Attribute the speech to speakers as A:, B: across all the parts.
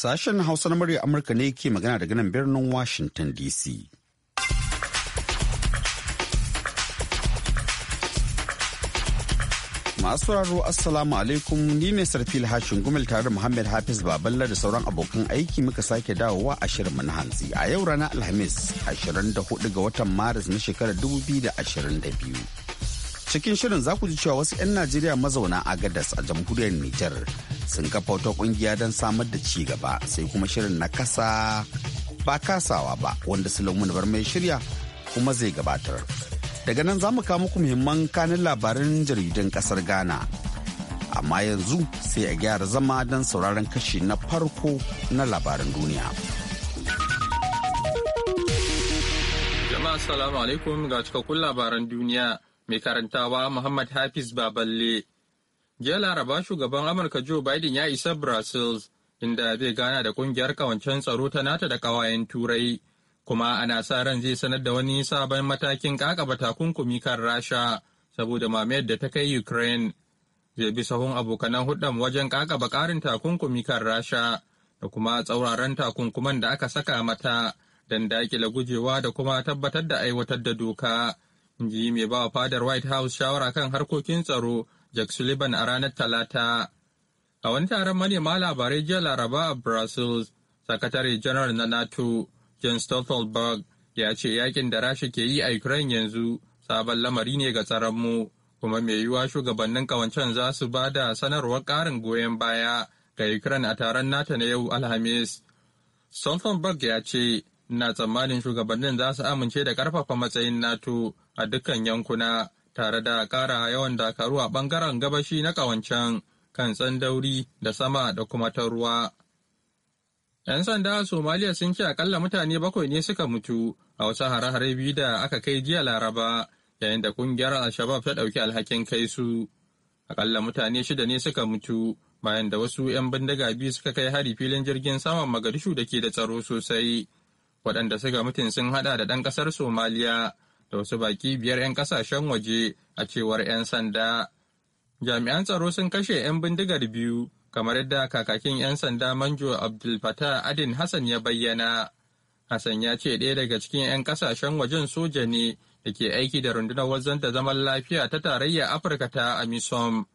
A: Sashen Hausa na murya Amurka ne ke magana daga nan birnin Washington DC. Masu sauraro Assalamu alaikum ni ne Sarfil Hashin Gumel tare da Muhammad Hafiz Baballa da sauran abokan aiki muka sake dawowa a shirin na hantsi a yau ranar Alhamis 24 ga watan Maris na shekarar 2022. cikin shirin za ku ji cewa wasu 'yan najeriya mazauna a Gadas a jamhuriyar nijar sun kafa wata kungiya don samar da ci gaba sai kuma shirin na kasa ba kasawa ba wanda sulaimun bar mai shirya kuma zai gabatar daga nan za mu kawo muku muhimman kanin labarin jaridun kasar ghana amma yanzu sai a gyara zama don sauraron kashi na farko na labarin duniya
B: jama'a assalamu alaikum ga cikakkun labaran duniya Mai karantawa Muhammad Hafiz Baballe. Jiya Laraba shugaban Amurka Joe Biden ya isa Brussels inda zai gana da kungiyar kawancen tsaro ta nata da kawayen Turai. Kuma ana sa ran zai sanar da wani sabon matakin kakaba takunkumi kan Rasha saboda mamayar da ta kai Ukraine. Zai bi sahun abokanan hudan wajen kakaba karin takunkumi kan Rasha da kuma tsauraran takunkuman da aka saka mata don dakile gujewa da kuma tabbatar da aiwatar da doka. ji mai ba fadar White House shawara kan harkokin tsaro Jack Sullivan a ranar Talata. A wani taron manema labarai jiya Laraba a Brussels, Sakatare Janar na NATO, John Stoltenberg, ya ce yakin da Rasha ke yi a Ukraine yanzu sabon lamari ne ga tsaronmu, kuma mai yiwuwa shugabannin kawancen za su ba da sanarwar ƙarin goyon baya ga Ukraine a taron NATO na yau Alhamis. Stoltenberg ya ce Ina tsammanin shugabannin za su amince da karfafa matsayin NATO a dukkan yankuna tare da ƙara yawan dakaru a bangaren gabashi na ƙawancen kan tsandauri da sama da kuma ta ruwa. 'Yan sanda a Somaliya sun ce akalla mutane bakwai ne suka mutu a wasu hare-hare biyu da aka kai jiya Laraba yayin da ƙungiyar Al-Shabab ta ɗauki alhakin kai su. Akalla mutane shida ne suka mutu bayan da wasu 'yan bindiga biyu suka kai hari filin jirgin saman Magadishu da ke da tsaro sosai. waɗanda suka mutun sun hada da ɗan ƙasar somaliya da wasu baki biyar 'yan ƙasashen waje a cewar 'yan sanda jami'an tsaro sun kashe 'yan bindigar biyu kamar yadda kakakin 'yan sanda manjo abdul adin hassan ya bayyana hassan ya ce ɗaya daga cikin 'yan ƙasashen wajen soja ne da ke aiki da rundunar wajen da zaman lafiya ta tarayya afirka ta amisom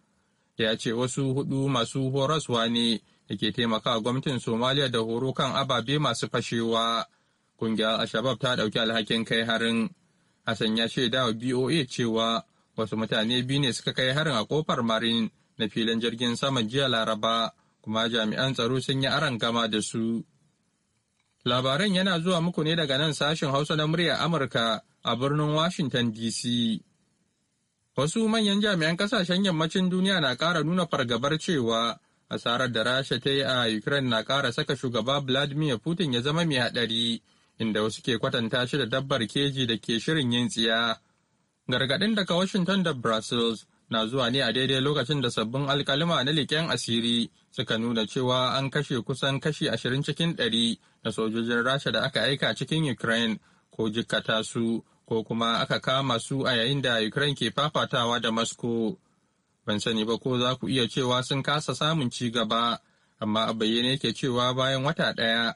B: ya ce wasu hudu masu horaswa ne da ke taimaka gwamnatin somaliya da horo kan ababe masu fashewa Kungiyar Alshabab ta ɗauki alhakin kai harin. Hassan ya shaida wa BOA cewa wasu mutane biyu ne suka kai harin a kofar Marin na filin jirgin saman jiya Laraba, kuma jami'an tsaro sun yi aron gama da su. Labaran yana zuwa muku ne daga nan sashen Hausa na murya Amurka a birnin Washington DC. Wasu manyan jami'an kasashen yammacin duniya na ƙara nuna fargabar cewa asarar da Rasha ta yi a Ukraine na ƙara saka shugaba Vladimir Putin ya zama mai haɗari. inda wasu ke kwatanta shi da dabbar keji da ke shirin yin tsiya. Gargaɗin daga Washington da brazil na zuwa ne a daidai lokacin da sabbin alkalima na leƙen asiri suka nuna cewa an kashe kusan kashi ashirin cikin ɗari na sojojin Rasha da aka aika cikin Ukraine ko jikkata su ko kuma aka kama su a yayin da Ukraine ke fafatawa da Moscow. Ban sani ba ko za ku iya cewa sun kasa samun ci gaba, amma a bayyane ke cewa bayan wata ɗaya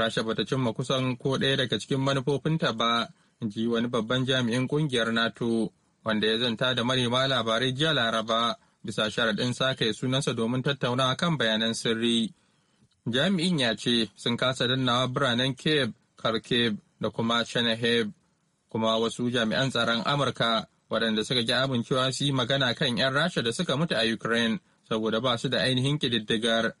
B: rasha bata cimma kusan ko ɗaya daga cikin manufofinta ba in ji wani babban jami'in ƙungiyar nato wanda ya zanta da manema labarai jiya laraba bisa sharaɗin sake sunansa domin tattaunawa kan bayanan sirri jami'in ya ce sun kasa dannawa biranen kiev kharkiv da kuma chernihiv kuma wasu jami'an tsaron amurka waɗanda suka ki amincewa su yi magana kan 'yan rasha da suka mutu a ukraine saboda ba su da ainihin ƙididdigar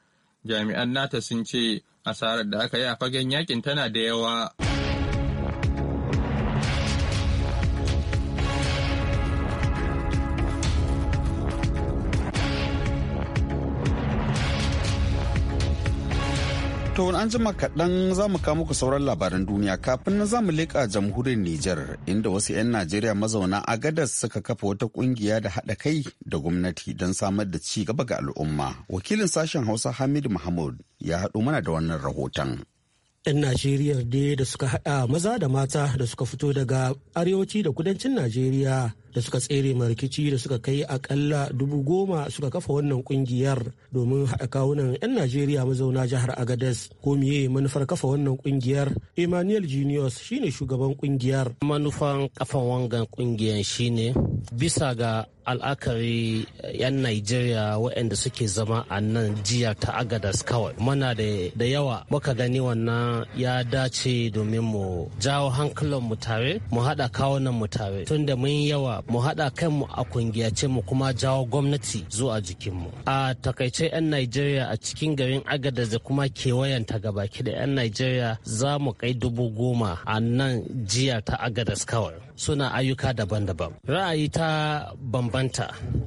B: jami'an nata sun ce asarar da aka yi a fagen yakin tana da yawa.
A: To an jima kaɗan za mu kawo muku sauran labaran duniya kafin na mu leƙa jamhuriyar Nijar inda wasu 'yan Najeriya mazauna a gadas suka kafa wata ƙungiya da haɗa kai da gwamnati don samar da ci gaba ga al'umma. Wakilin sashen Hausa Hamid Mahmud ya haɗu mana da wannan rahoton.
C: 'yan Najeriya da da suka haɗa maza da mata da suka fito daga arewaci da kudancin Najeriya da suka tsere ma rikici da suka kai akalla dubu goma suka kafa wannan kungiyar domin haɗa kawunan 'yan najeriya mazauna jihar agadez ko miye manufar kafa wannan kungiyar emmanuel
D: juniors shine shugaban kungiyar manufan kafa wangan kungiyar shine bisa ga al'akari 'yan eh, Najeriya waɗanda suke zama a nan jiya ta Agadas kawai. Muna da yawa muka gani wannan ya dace domin mu jawo hankalin mu tare, mu haɗa kawunan mu tare. tunda da mun yawa mu haɗa kanmu a kungiyace mu kuma jawo gwamnati zuwa jikinmu a takaice 'yan najeriya a cikin garin agadez da kuma kewayenta gabaki da 'yan najeriya za mu kai dubu goma a nan jiya ta agadas kawai suna ayyuka daban-daban ra'ayi ta bambanta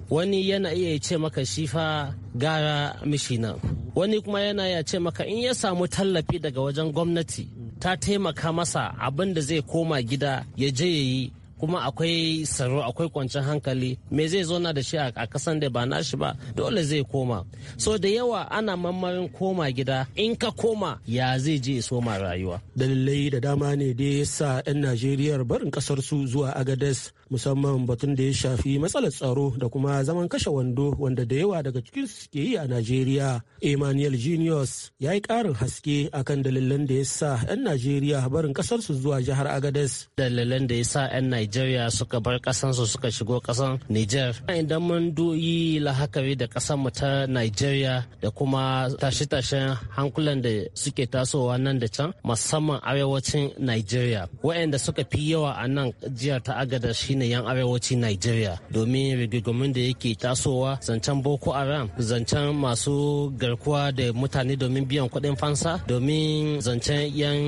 D: wani yana iya ce maka shifa gara mishi nan wani kuma yana ya ce maka in ya samu tallafi daga wajen gwamnati ta taimaka masa abin da zai koma gida ya je ya yi kuma akwai tsaro akwai kwanciyar hankali me zai zo na da shi a kasan da ba shi ba dole zai koma so da yawa ana mamarin koma gida in ka koma ya zai je soma rayuwa dalilai da
C: dama ne da ya sa 'yan najeriya barin kasar su zuwa agades musamman batun da ya shafi matsalar tsaro da kuma zaman kashe wando wanda da yawa daga cikin su ke yi a najeriya emmanuel genius ya yi karin haske akan dalilan da ya sa 'yan najeriya barin
D: kasar su zuwa jihar agades dalilan da ya sa 'yan Najeriya suka bar kasansu suka shigo kasan Niger. Idan mun duyi lahakari da kasan mu ta Najeriya da kuma tashe-tashen hankulan da suke tasowa nan da can musamman arewacin Najeriya. Waɗanda suka fi yawa a nan jiya ta agada shine yan arewacin Najeriya domin rigigimin da yake tasowa zancen Boko Haram zancen masu garkuwa da mutane domin biyan kuɗin fansa domin zancen yan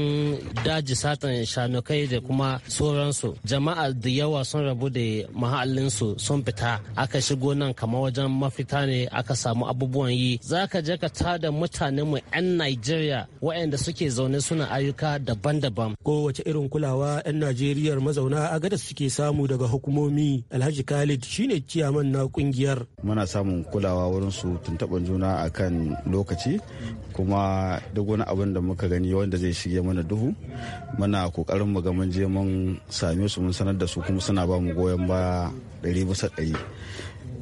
D: daji satan shanukai da kuma sauransu. Jama'a da yawa sun rabu da mahallinsu sun fita aka shigo nan kama wajen mafita ne aka samu abubuwan yi za ka je ka tada mutanen mu 'yan Najeriya waɗanda suke zaune suna ayyuka daban-daban.
C: Kowace irin kulawa 'yan Najeriya mazauna gada suke samu daga hukumomi Alhaji
A: Khalid shine ciyaman na kungiyar. Muna samun kulawa wurin su tuntuɓan juna akan lokaci kuma duk wani abin da muka gani wanda zai shige mana duhu muna kokarin mu ga mun je mun same su mun gudanar da su kuma suna ba mu goyon baya ɗari bisa ɗari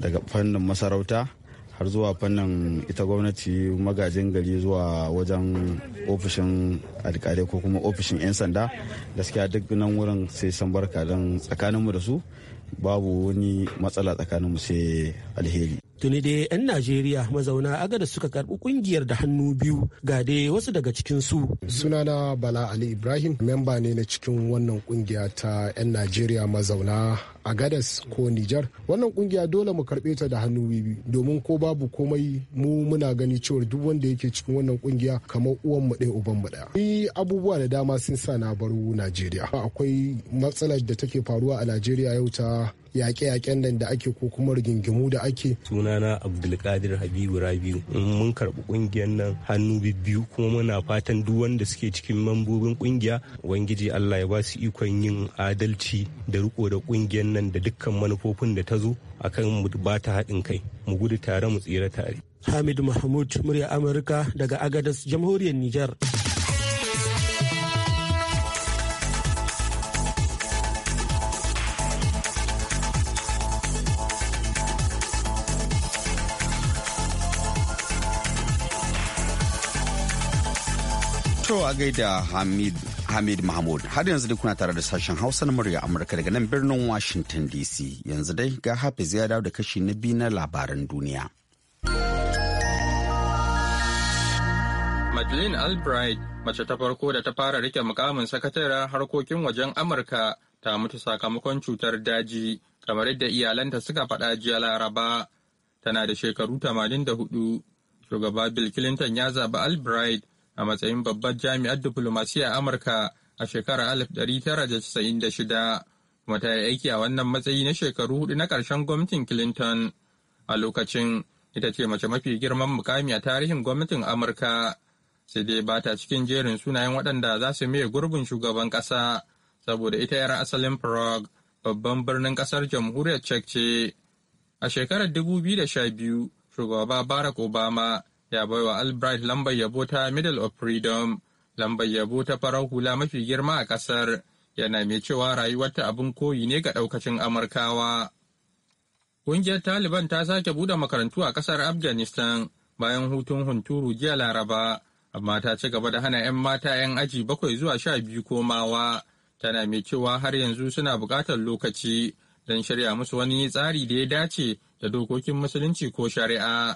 A: daga fannin masarauta har zuwa fannin ita gwamnati magajin gari zuwa wajen ofishin alkalai ko kuma ofishin 'yan sanda gaskiya duk nan wurin sai san barka don tsakaninmu da su babu wani matsala tsakaninmu sai alheri
C: tuni dai 'yan najeriya mazauna agada suka karbi kungiyar da hannu biyu ga dai wasu daga cikin su sunana bala ali ibrahim
D: memba ne na cikin wannan kungiya ta 'yan najeriya mazauna a gadas ko nijar wannan kungiya dole mu karbe ta da hannu biyu domin ko babu komai mu muna gani cewar duk wanda yake cikin wannan kungiya kamar uwan mu ɗaya uban mu ɗaya ni abubuwa da dama sun sa na baro najeriya akwai matsalar da take faruwa a najeriya yau ta yaƙe-yaƙen nan da ake ko kuma rigingimu da ake.
C: Sunana Abdulkadir Habibu Rabiu mun karɓi ƙungiyar nan hannu biyu kuma muna fatan duk wanda suke cikin mambobin ƙungiya Ubangiji Allah ya basu ikon yin adalci da riko da ƙungiyar nan da dukkan manufofin da ta zo akan mu ba ta haɗin kai mu gudu tare mu tsira tare. Hamid Mahmud murya Amurka daga Agadas Jamhuriyar Nijar.
A: a da Hamid Hamid Mahmud. Har yanzu dai kuna tare da sashen Hausa na murya Amurka daga nan birnin Washington DC. Yanzu dai ga hafi ya dawo da kashi na biyu na labaran duniya.
B: Madeleine Albright, mace ta farko da ta fara rike mukamin sakataren harkokin wajen Amurka, ta mutu sakamakon cutar daji, kamar yadda iyalanta suka faɗa jiya Laraba. Tana da shekaru 84. Shugaba Bill Clinton ya zaɓi Albright a matsayin babbar jami'ar diflomasiyya Amurka a shekarar 1996 kuma ta yi aiki a wannan matsayi na shekaru hudu na ƙarshen gwamnatin Clinton. A lokacin ita ce mace mafi girman mukami a tarihin gwamnatin Amurka. Sai dai ba ta cikin jerin sunayen waɗanda za su maye gurbin shugaban ƙasa saboda ita 'yar asalin Prague babban birnin ƙasar jamhuriyar Czech ce. A shekarar 2012 shugaba Barack Obama ya bai wa Albright lambar yabo ta Middle of Freedom, lambar yabo ta farar hula mafi girma a ƙasar, yana mai cewa rayuwarta abin koyi ne ga ɗaukacin Amurkawa. Ƙungiyar Taliban ta sake buɗe makarantu a ƙasar Afghanistan bayan hutun hunturu jiya Laraba, amma ta ci gaba da hana 'yan mata 'yan aji bakwai zuwa sha biyu komawa, tana mai cewa har yanzu suna buƙatar lokaci don shirya musu wani tsari da ya dace da dokokin musulunci ko shari'a.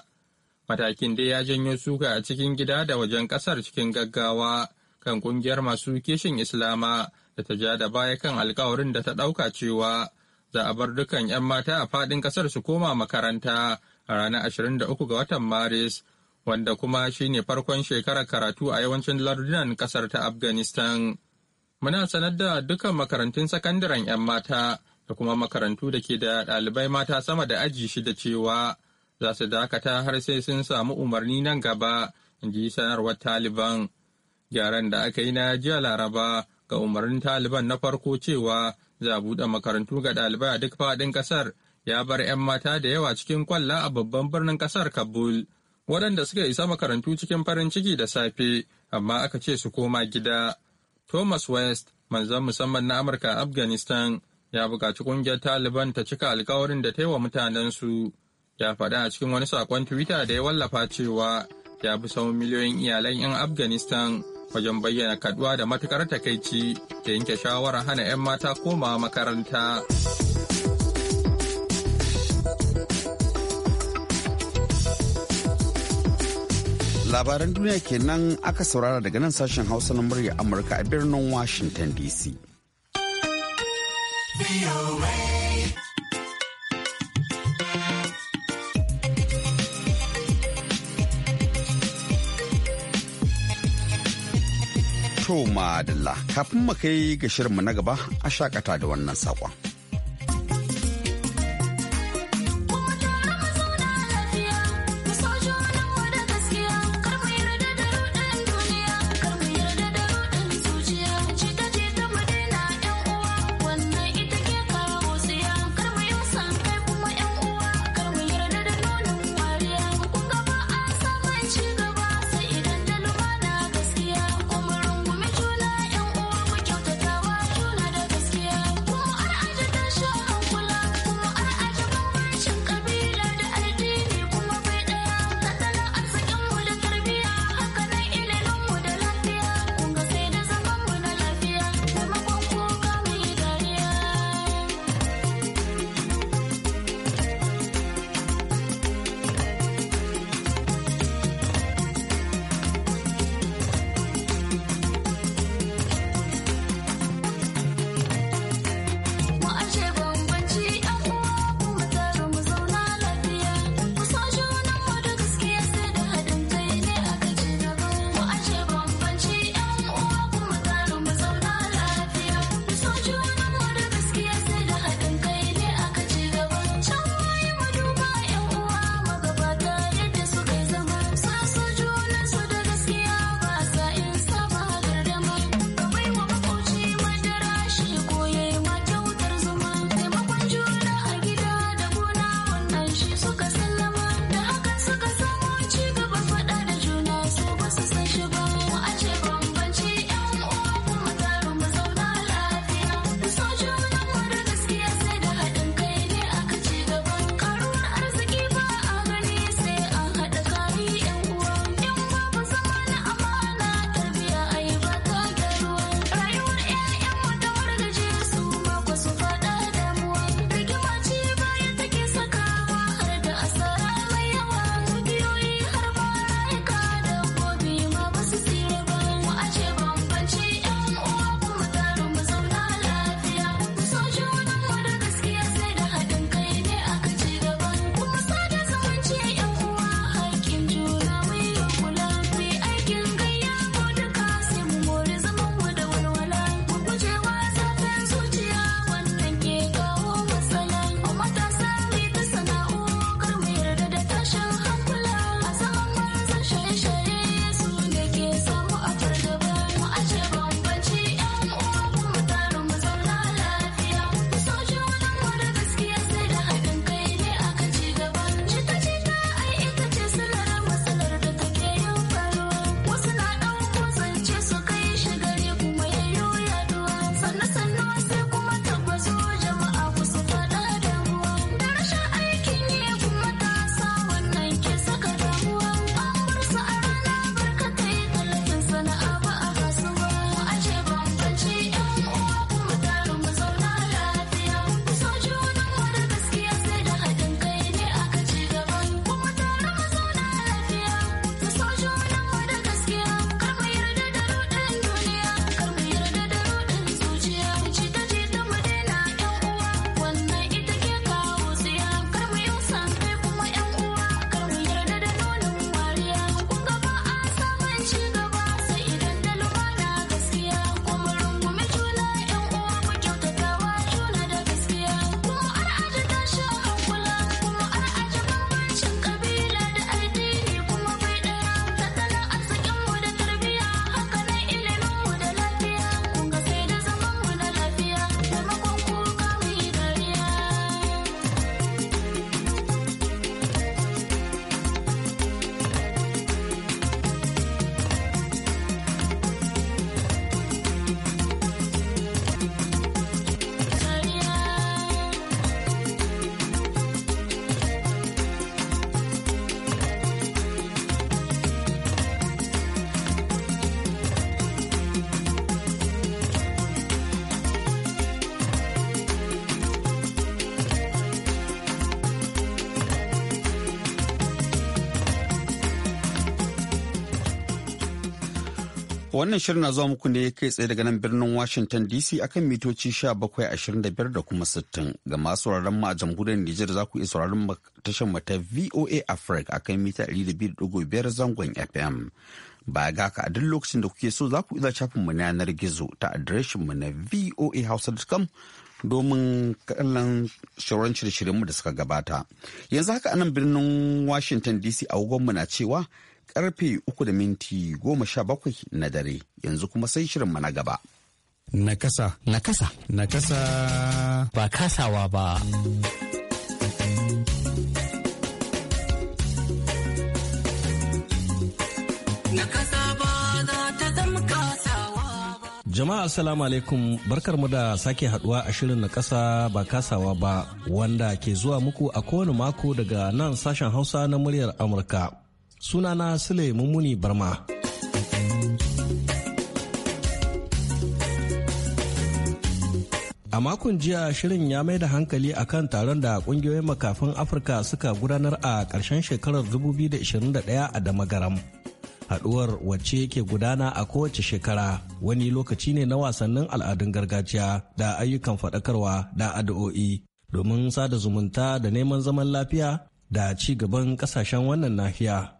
B: Matakin dai ya janyo suka a cikin gida da wajen kasar cikin gaggawa kan kungiyar masu kishin Islama da ta ja da baya kan alkawarin da ta ɗauka cewa za a bar dukan 'yan mata a faɗin kasar su koma makaranta a ranar 23 ga watan Maris, wanda kuma shine farkon shekarar karatu a yawancin lardunan kasar ta Afghanistan. Muna sanar da dukan makarantun sakandaren 'yan mata da kuma makarantu da ke da ɗalibai mata sama da aji shida cewa za su dakata har sai sun samu umarni nan gaba in ji sanarwar taliban gyaran da aka yi na jiya laraba ga umarnin taliban na farko cewa za a buɗe makarantu ga ɗalibai a duk faɗin ƙasar ya bar 'yan mata da yawa cikin kwalla a babban birnin ƙasar kabul waɗanda suka isa makarantu cikin farin ciki da safe amma aka ce su koma gida thomas west manzan musamman na amurka afghanistan ya buƙaci ƙungiyar taliban ta cika alkawarin da ta yi wa mutanensu ya faɗa a cikin wani saƙon twitter da ya wallafa cewa ya fi sau miliyoyin iyalan 'yan afghanistan wajen bayyana kaduwa da matukar takaici da yanke shawarar hana 'yan mata koma makaranta.
A: Labaran duniya kenan aka saurara daga nan sashen Hausa na murya Amurka a birnin Washington DC. To madalla kafin mu kai ga shirinmu na gaba a shakata da wannan saƙon. Wannan shirin na zuwa muku ne kai tsaye daga nan birnin Washington DC akan mitoci 1725 da kuma 60 ga masu sauraron mu a jamhuriyar Nijar za ku iya sauraron tashar mata VOA Africa akan mita 200.5 zangon FM. Ba ga ka a duk lokacin da kuke so za ku iya shafin mu na yanar gizo ta adireshin mu na voahouse.com domin kallon shirin shirye-shiryen mu da suka gabata. Yanzu haka anan birnin Washington DC a mu na cewa karfe uku da minti goma sha bakwai na dare yanzu kuma sai shirin na gaba.
D: Nakasa. Nakasa. Nakasa. Ba kasawa ba.
E: Jama'a Assalamu alaikum barkarmu da sake haduwa a shirin na kasa ba kasawa ba wanda ke zuwa muku a kowane mako daga nan sashen hausa na muryar Amurka. sunana sule mummuni barma a makon jiya shirin ya mai da hankali kan taron da kungiyoyin makafin afirka suka gudanar a karshen shekarar 2021 a damagaram haɗuwar wacce ke gudana a kowace shekara wani lokaci ne na wasannin al'adun gargajiya da ayyukan faɗakarwa da addu'o'i domin sada zumunta da neman zaman lafiya da ci gaban ƙasashen wannan nahiya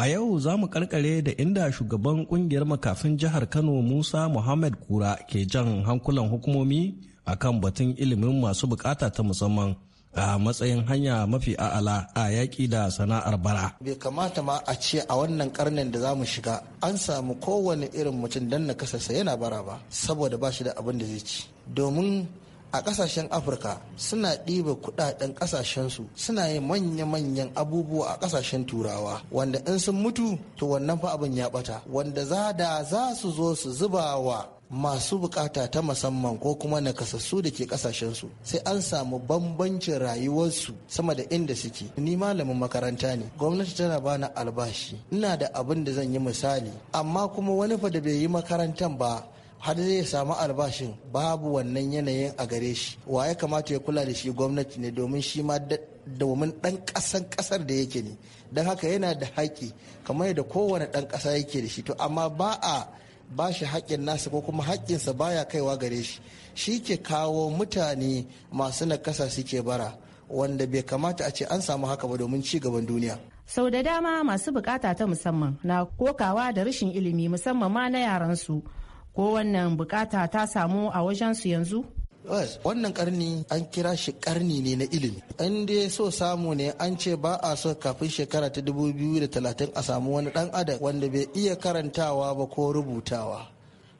E: A yau za mu karkare da inda shugaban kungiyar makafin jihar Kano Musa Muhammad Kura ke jan hankulan hukumomi a kan batun ilimin masu bukata ta musamman a matsayin hanya mafi a'ala a yaƙi da sana'ar bara.
F: Bai kamata ma a ce a wannan karnin da za mu shiga an samu kowane irin mutum don na kasarsa yana bara ba saboda ba shi da abin da zai ci. Domin a kasashen afirka suna ɗiba kudaden kasashensu suna yin manya-manyan abubuwa a kasashen turawa wanda in sun mutu to wannan fa abin ya bata wanda za da za su zo su zuba wa masu bukata ta musamman ko kuma nakasassu da ke kasashensu sai an samu bambancin rayuwarsu sama da inda suke ni malamin makaranta ne gwamnati tana bani albashi ina da abin da zan yi misali amma kuma wani fa da bai yi makarantan ba har zai samu albashin babu wannan yanayin a gare shi wa ya kamata ya kula da shi gwamnati ne domin shi ma domin ɗan ƙasan ƙasar da yake ne don haka yana da haƙi kamar yadda kowane ɗan kasa yake da shi to amma ba a ba shi haƙƙin nasa ko kuma haƙƙinsa baya kaiwa gare shi shi ke kawo mutane masu nakasa suke bara wanda bai kamata a ce an samu haka ba domin ci gaban duniya
D: sau da dama masu bukata ta musamman na kokawa da rashin ilimi musamman ma na yaransu ko wannan bukata ta samu
F: a wajensu yanzu? wannan karni an kira shi karni ne na ilimi an dai so samu ne an ce ba a so kafin shekara ta 2030 a samu wani dan adam wanda bai iya karantawa ba ko rubutawa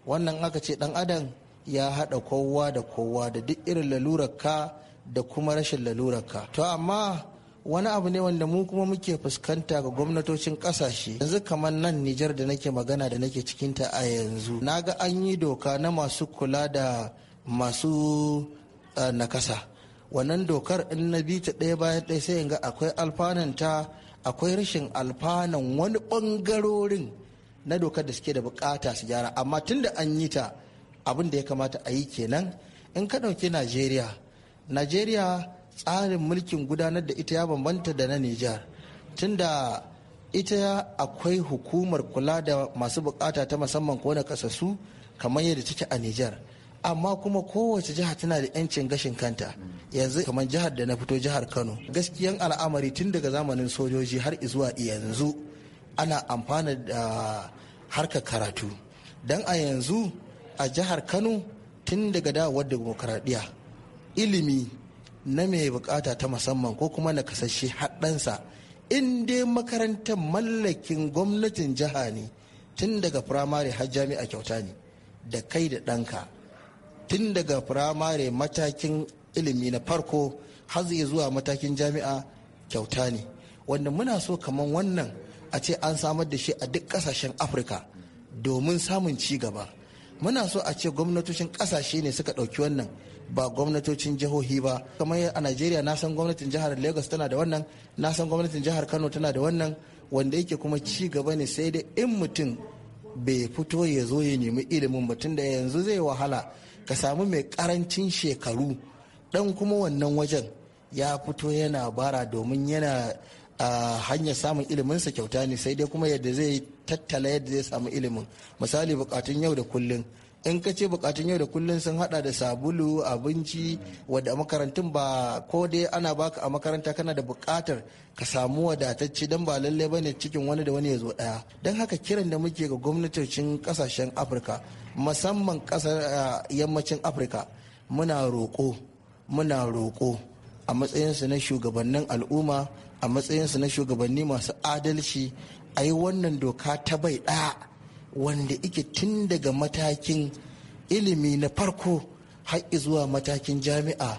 F: wannan aka ce dan adam ya haɗa kowa da kowa da duk irin lalurarka da kuma rashin lalurarka to amma wani abu ne wanda mu kuma muke fuskanta ga gwamnatocin kasashe yanzu kamar nan Nijar da nake magana da nake cikinta a yanzu na ga an yi doka na masu kula da masu eh, nakasa wannan dokar in na bi ta ɗaya bayan ɗaya sai ga akwai alfanan ta akwai rashin alfanan wani ɓangarorin na dokar da suke da bukata su gyara amma tun da an yi ta abin da ya kamata a yi kenan in ka ɗauki najeriya najeriya tsarin mulkin gudanar da ita ya bambanta da na Nijar. Tunda ita akwai hukumar kula da masu bukata ta musamman ko na kasasu kamar yadda take a Nijar. amma kuma kowace jiha tana da 'yancin gashin kanta yanzu kamar jihar da na fito jihar kano gaskiyan al'amari tun daga zamanin sojoji har zuwa yanzu ana amfana da harka karatu don a yanzu a jihar kano tun daga dawowar demokuraɗiyya ilimi na mai bukata ta musamman ko kuma na kasashe haɗansa in dai makarantar mallakin gwamnatin jiha ne tun daga firamare har jami'a kyauta ne da kai da ɗanka tun daga firamare matakin ilimi na farko har zai zuwa matakin jami'a kyauta ne wanda muna so kamar wannan a ce an samar da shi a duk ƙasashen afirka domin samun ci gaba muna so a ce gwamnatocin ƙasashe ne suka ɗauki wannan ba gwamnatocin jihohi ba kamar a najeriya na san gwamnatin jihar lagos tana da wannan na san gwamnatin jihar kano tana da wannan wanda yake kuma ci gaba ne sai dai in mutum bai fito ya zo ya nemi ilimin mutum da yanzu zai wahala ka samu mai karancin shekaru dan kuma wannan wajen ya fito yana bara domin yana a hanyar samun iliminsa kyauta ne sai dai kuma yadda zai tattala yadda zai samu ilimin misali bukatun yau da kullun in ka ce bukatun yau da kullum sun hada da sabulu abinci wadda makarantun ba ko dai ana baka a makaranta kana da bukatar ka samu wadatacce don ba lallai ne cikin wani da wani ya zo daya don haka kiran da muke ga gwamnatocin kasashen afirka musamman kasar eh, yammacin afirka muna roko muna roko a matsayinsu na shugabannin al'umma a matsayinsu na shugabanni masu adalci a yi wannan doka ta bai ɗaya wanda ike tun daga matakin ilimi na farko har zuwa matakin jami'a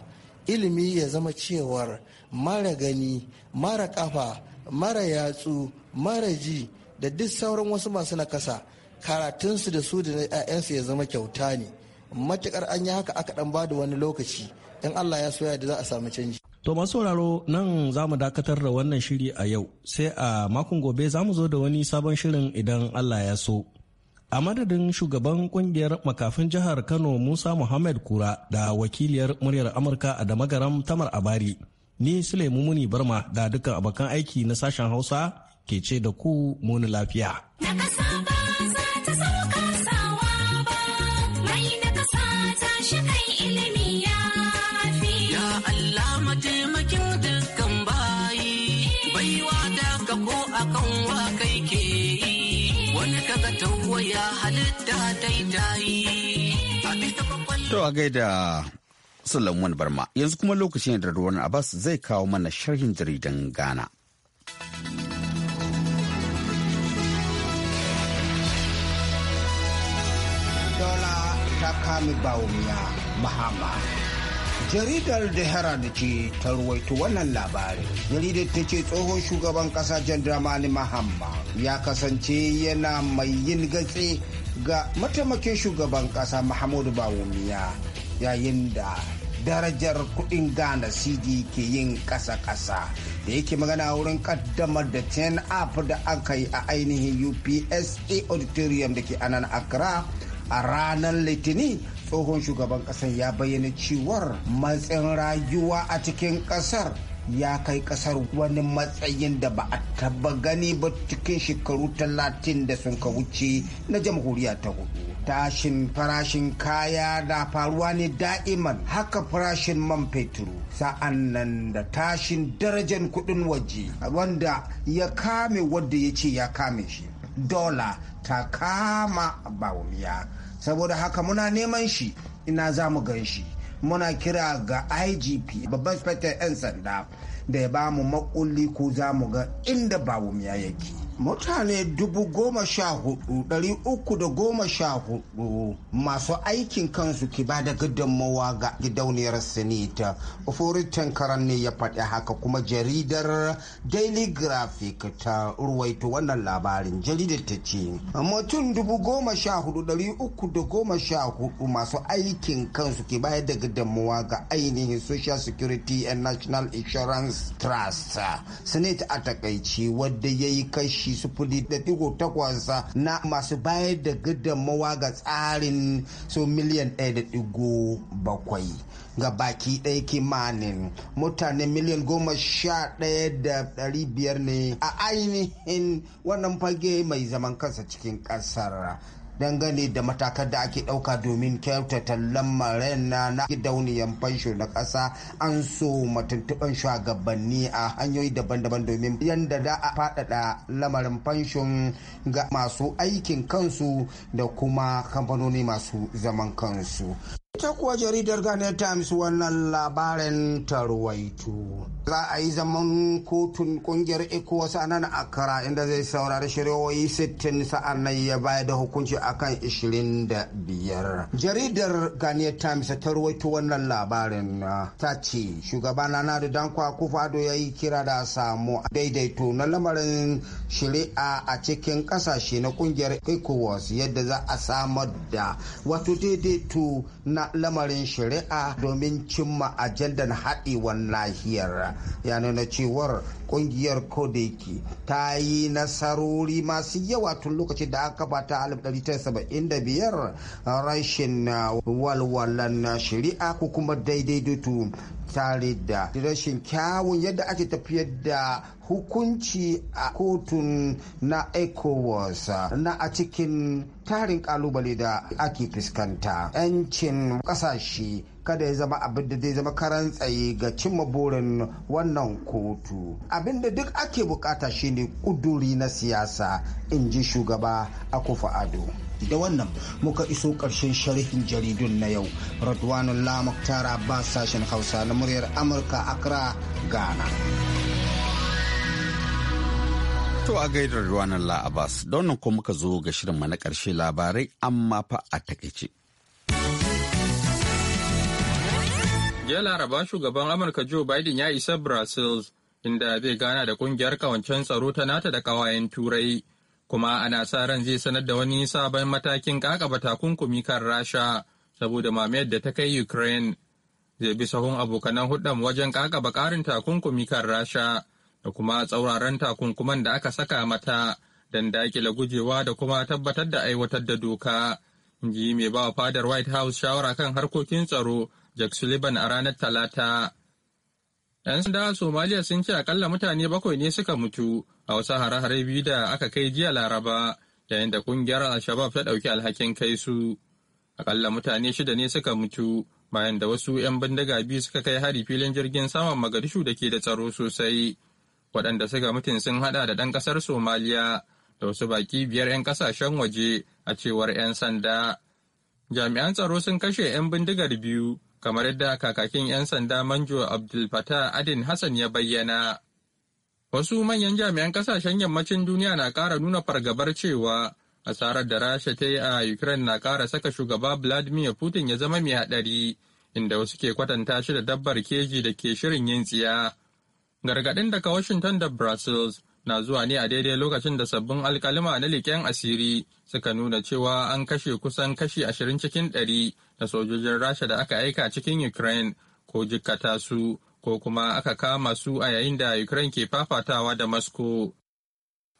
F: ilimi ya zama cewar mara gani mara kafa mara yatsu mara ji da duk sauran wasu masu nakasa karatunsu da su da 'ya'yansu ya zama kyauta ne matukar an yi haka aka dan bada wani lokaci in Allah ya soya da za a samu canji
E: To masu sauraro nan za mu dakatar da wannan shiri a yau sai a makon gobe za mu zo da wani sabon shirin idan Allah ya so. a madadin shugaban kungiyar makafin jihar kano musa muhammad kura da wakiliyar muryar amurka a damagaram tamar abari ni sulaimu muni barma da dukkan abokan aiki na sashen hausa ke ce da ku muni lafiya.
A: To a gaida Sulaiman Barma yanzu kuma lokacin da ruwan Abbas zai kawo mana sharhin jaridan Ghana.
G: Dola ta kame bawumiya Mahama. Jaridar da Herald ce ta ruwaito wannan labarin. Jaridar ta ce tsohon shugaban kasa Jan Dramani Mahama ya kasance yana mai yin gatse ga mataimakin shugaban kasa Muhammadu Bawumiya yayin da darajar kudin Ghana CD ke yin kasa ƙasa da yake magana wurin kaddamar da 10 app da aka yi a ainihin UPSA auditorium da ke anan Accra a ranar Litinin tsohon shugaban kasar ya bayyana cewar matsin rayuwa a cikin ƙasar ya kai kasar wani matsayin da ba a taba gani ba cikin shekaru talatin da sun ka wuce na jamhuriya ta hudu tashin farashin kaya na faruwa ne da'iman haka farashin man fetur sa'an nan da tashin darajar kudin waje wanda ya kame wanda ya ce ya kame shi dola ta kama ba saboda haka muna neman shi ina za mu gan shi muna kira ga igp babban spectator 'yan sanda da ya ba mu makulli ko za mu ga inda ba miya yake mutane dubu goma sha hudu dari uku da goma sha hudu masu aikin kansu ki ba da gudunmawa ga gidauniyar sinita furitan karan ne ya faɗi haka kuma jaridar daily graphic ta ruwaito wannan labarin jaridar ta ce mutum dubu goma sha hudu dari uku da goma sha hudu masu aikin kansu ki bayar da gudunmawa ga ainihin social security and national insurance trust sinita a takaici wadda ya yi kashi kashi sufuri da digo takwasa. na masu bayar da gudunmawa ga tsarin su miliyan ɗaya da digo bakwai ga baki ɗaya kimanin mutane miliyan goma sha ɗaya da ɗari biyar ne a ainihin wannan fage mai zaman kasa cikin ƙasar dangane da matakan da ake ɗauka domin kyautata lamarin na na gidauniyar fansho na kasa an so matuntuɓan shugabanni a hanyoyi daban-daban domin yadda za a faɗaɗa lamarin fanshon ga masu aikin kansu da kuma kamfanoni masu zaman kansu. Ita kuwa jaridar Ghana Times wannan labarin tarwaito. za a yi zaman kotun kungiyar ecowas a nan akara inda zai saurari shari'o'i 60 sa'an na ya bayar da hukunci akan 25 jaridar ghanaian times ta ruwaito wannan labarin ah, ta ce shugaba na da dankwa kufado ya yi kira da samu daidaito na lamarin shari'a a cikin kasashe na kungiyar ecowas yadda za a samar da wato daidaito na lamarin shari'a domin cimma ajandar haɗewar nahiyar ya nuna cewar kungiyar kodeki ta yi nasarori masu yawa tun lokacin da aka bata 1975 rashin uh, walwalan uh, shari'a ko kuma daidaitutu tare da rashin kyawun yadda ake tafiyar da hukunci a kotun na ecowas uh, na a cikin tarin kalubale da ake fuskanta 'yancin kasashe kada ya zama abin da zai zama karan tsaye ga cimma burin wannan kotu abin da duk ake bukata shine kuduri na siyasa in ji shugaba akufa ado da wannan muka iso ƙarshen sharhin jaridun na yau radwanul lamak tara ba sashen hausa na muryar amurka accra ghana
A: to a gaidar ruwanan la'abas don ko muka zo ga shirinmu na ƙarshe labarai amma fa a takaice
B: Jiya Laraba shugaban Amurka Joe Biden ya isa Brazil inda zai gana da kungiyar kawancen tsaro ta nata da kawayen turai kuma ana sa ran zai sanar da wani sabon matakin kakaba takunkumi kan rasha saboda mamayar da ta kai Ukraine. Zai bi sahun abokanan hudan wajen kakaba karin takunkumi kan rasha da kuma tsauraran takunkuman da aka saka mata don dakile gujewa da kuma tabbatar da aiwatar da doka. ji mai ba fadar White House shawara kan harkokin tsaro Jack Sullivan a ranar Talata. 'Yan sanda a Somaliya sun ce akalla mutane bakwai ne suka mutu a wasu hare-hare biyu da aka kai jiya Laraba yayin da kungiyar Al-Shabab ta ɗauki alhakin kai su. Akalla mutane shida ne suka mutu bayan da wasu 'yan bindiga biyu suka kai hari filin jirgin saman Magadishu da ke da tsaro sosai. Waɗanda suka mutun sun haɗa da ɗan ƙasar Somaliya da wasu baƙi biyar 'yan ƙasashen waje a cewar 'yan sanda. Jami'an tsaro sun kashe 'yan bindigar biyu kamar yadda kakakin 'yan sanda manjo abdul adin hassan ya bayyana wasu manyan jami'an kasashen yammacin duniya na ƙara nuna fargabar cewa asarar da rasha ta yi a ukraine na ƙara saka shugaba vladimir putin ya zama mai haɗari inda wasu ke kwatanta shi da dabbar keji da ke shirin yin tsiya gargaɗin daga washington da brussels na zuwa ne a daidai lokacin da sabbin alkalima na leƙen asiri suka nuna cewa an kashe kusan kashi ashirin cikin ɗari na sojojin rasha da aka aika cikin ukraine ko jikkata su ko kuma aka kama su a yayin da ukraine ke fafatawa da moscow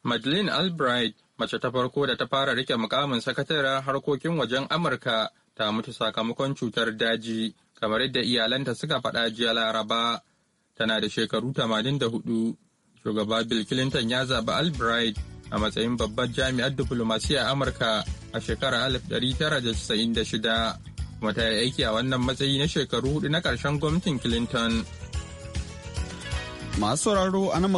B: madeleine albright mace ta farko da ta fara rike mukamin sakataren harkokin wajen amurka ta mutu sakamakon cutar daji kamar yadda iyalanta suka faɗa jiya laraba tana da shekaru 84 shugaba bill clinton ya zaɓi albright a matsayin babbar jami'ar a amurka a shekarar 1996 kuma ta yi aiki a wannan matsayi na shekaru hudu na ƙarshen gwamnatin clinton masu
A: sauraro a nan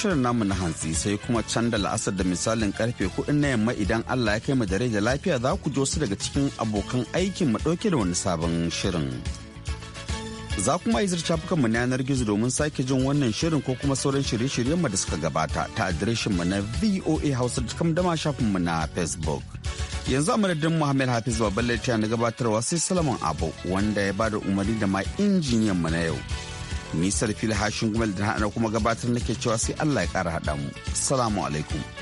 A: shirin namu na hantsi sai kuma can da la'asar da misalin karfe kuɗin na yamma idan allah ya kai mu da da lafiya za ku ji wasu daga cikin abokan aikin mu ɗauke da wani sabon shirin. Za kuma yi mu na yanar gizo domin sake jin wannan shirin ko kuma sauran shirye mu da suka gabata ta mu na VOA Hausa da dama mu na Facebook. Yanzu a madadin Muhammad Hafiz Babalar ta na gabatarwa sai Salaman Abu wanda ya bada umarni da ma injiniyan mu na yau. Nisar fil hashin gumel da na kuma gabatar nake cewa sai Allah ya kara haɗa mu. Salamu alaikum.